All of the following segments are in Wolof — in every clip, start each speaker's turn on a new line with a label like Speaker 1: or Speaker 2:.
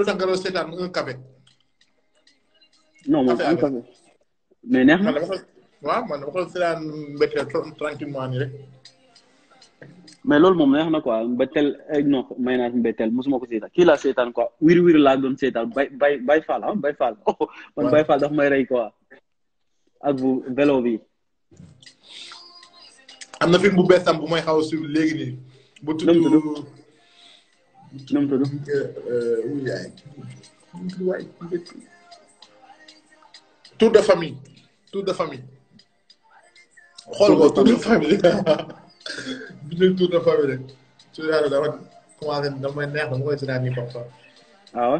Speaker 1: lu tax moom neex na waaw man dama
Speaker 2: loolu moom neex na quoi mbetteel eh, non may naa mbetteel mosuma ko seetaan kii laa seetaan quoi wir wir laa doon seetaan bay faal bay faal ah, oh, man daf may rey quoi
Speaker 1: ak bu vélo bi. am na film bu bees tam bu may xaw a léegi nii. nu mu tudd. tour de famille. tour de famille. xool ko tour de famille bi ñu famille rek. su dee neex dama koy sénal nii comme ça. waaw.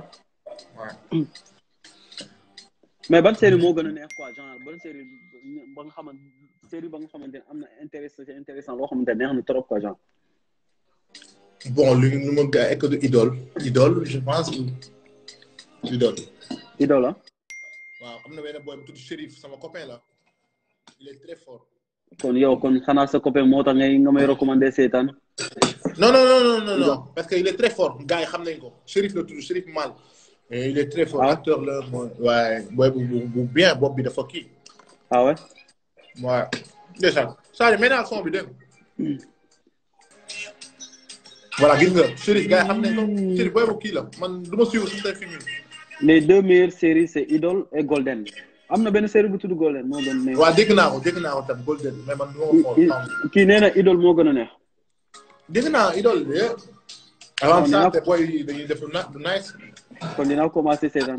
Speaker 2: ban série moo gën a neex quoi genre ban série ba nga xamante série ba nga xamante ne am na intéressant intéressant loo xamante neex na trop quoi genre. bon li li ma gaa école idole idole je pense idole. idole
Speaker 1: waaw am na benn boy bu tudd Chérif sama copain la il est très fort.
Speaker 2: kon yow kon xanaa sa moo tax ngay nga may recommander seetaan.
Speaker 1: non non non non non non parce que il est très fort gars xam nañ ko Chérif la tudd Chérif Mal. mais il est très fort ah. acteur la mooy. waaye boy bu bu bien bopp bi dafa kii. ah ouais. waaw. déjà Sadio maintenant son bi voilà gis nga Chérif gars yi xam nañ ko Chérif hmm. booy boobu kii
Speaker 2: man du ma suivre suñu tey film les deux meilleures séries c'est Idol et Golden. am na benn série bu tudd Golden moo gën a neex. waaw dégg naa ko
Speaker 1: dégg naa ko tam Golden mais man
Speaker 2: nee na Idol moo gën a ne
Speaker 1: dégg naa Idol de. avant ça te booy yi dañuy def
Speaker 2: du nice. kon dinaa commencé saison.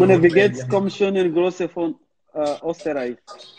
Speaker 2: mu ne Vigets commissioner grosse fond euh, Osterreich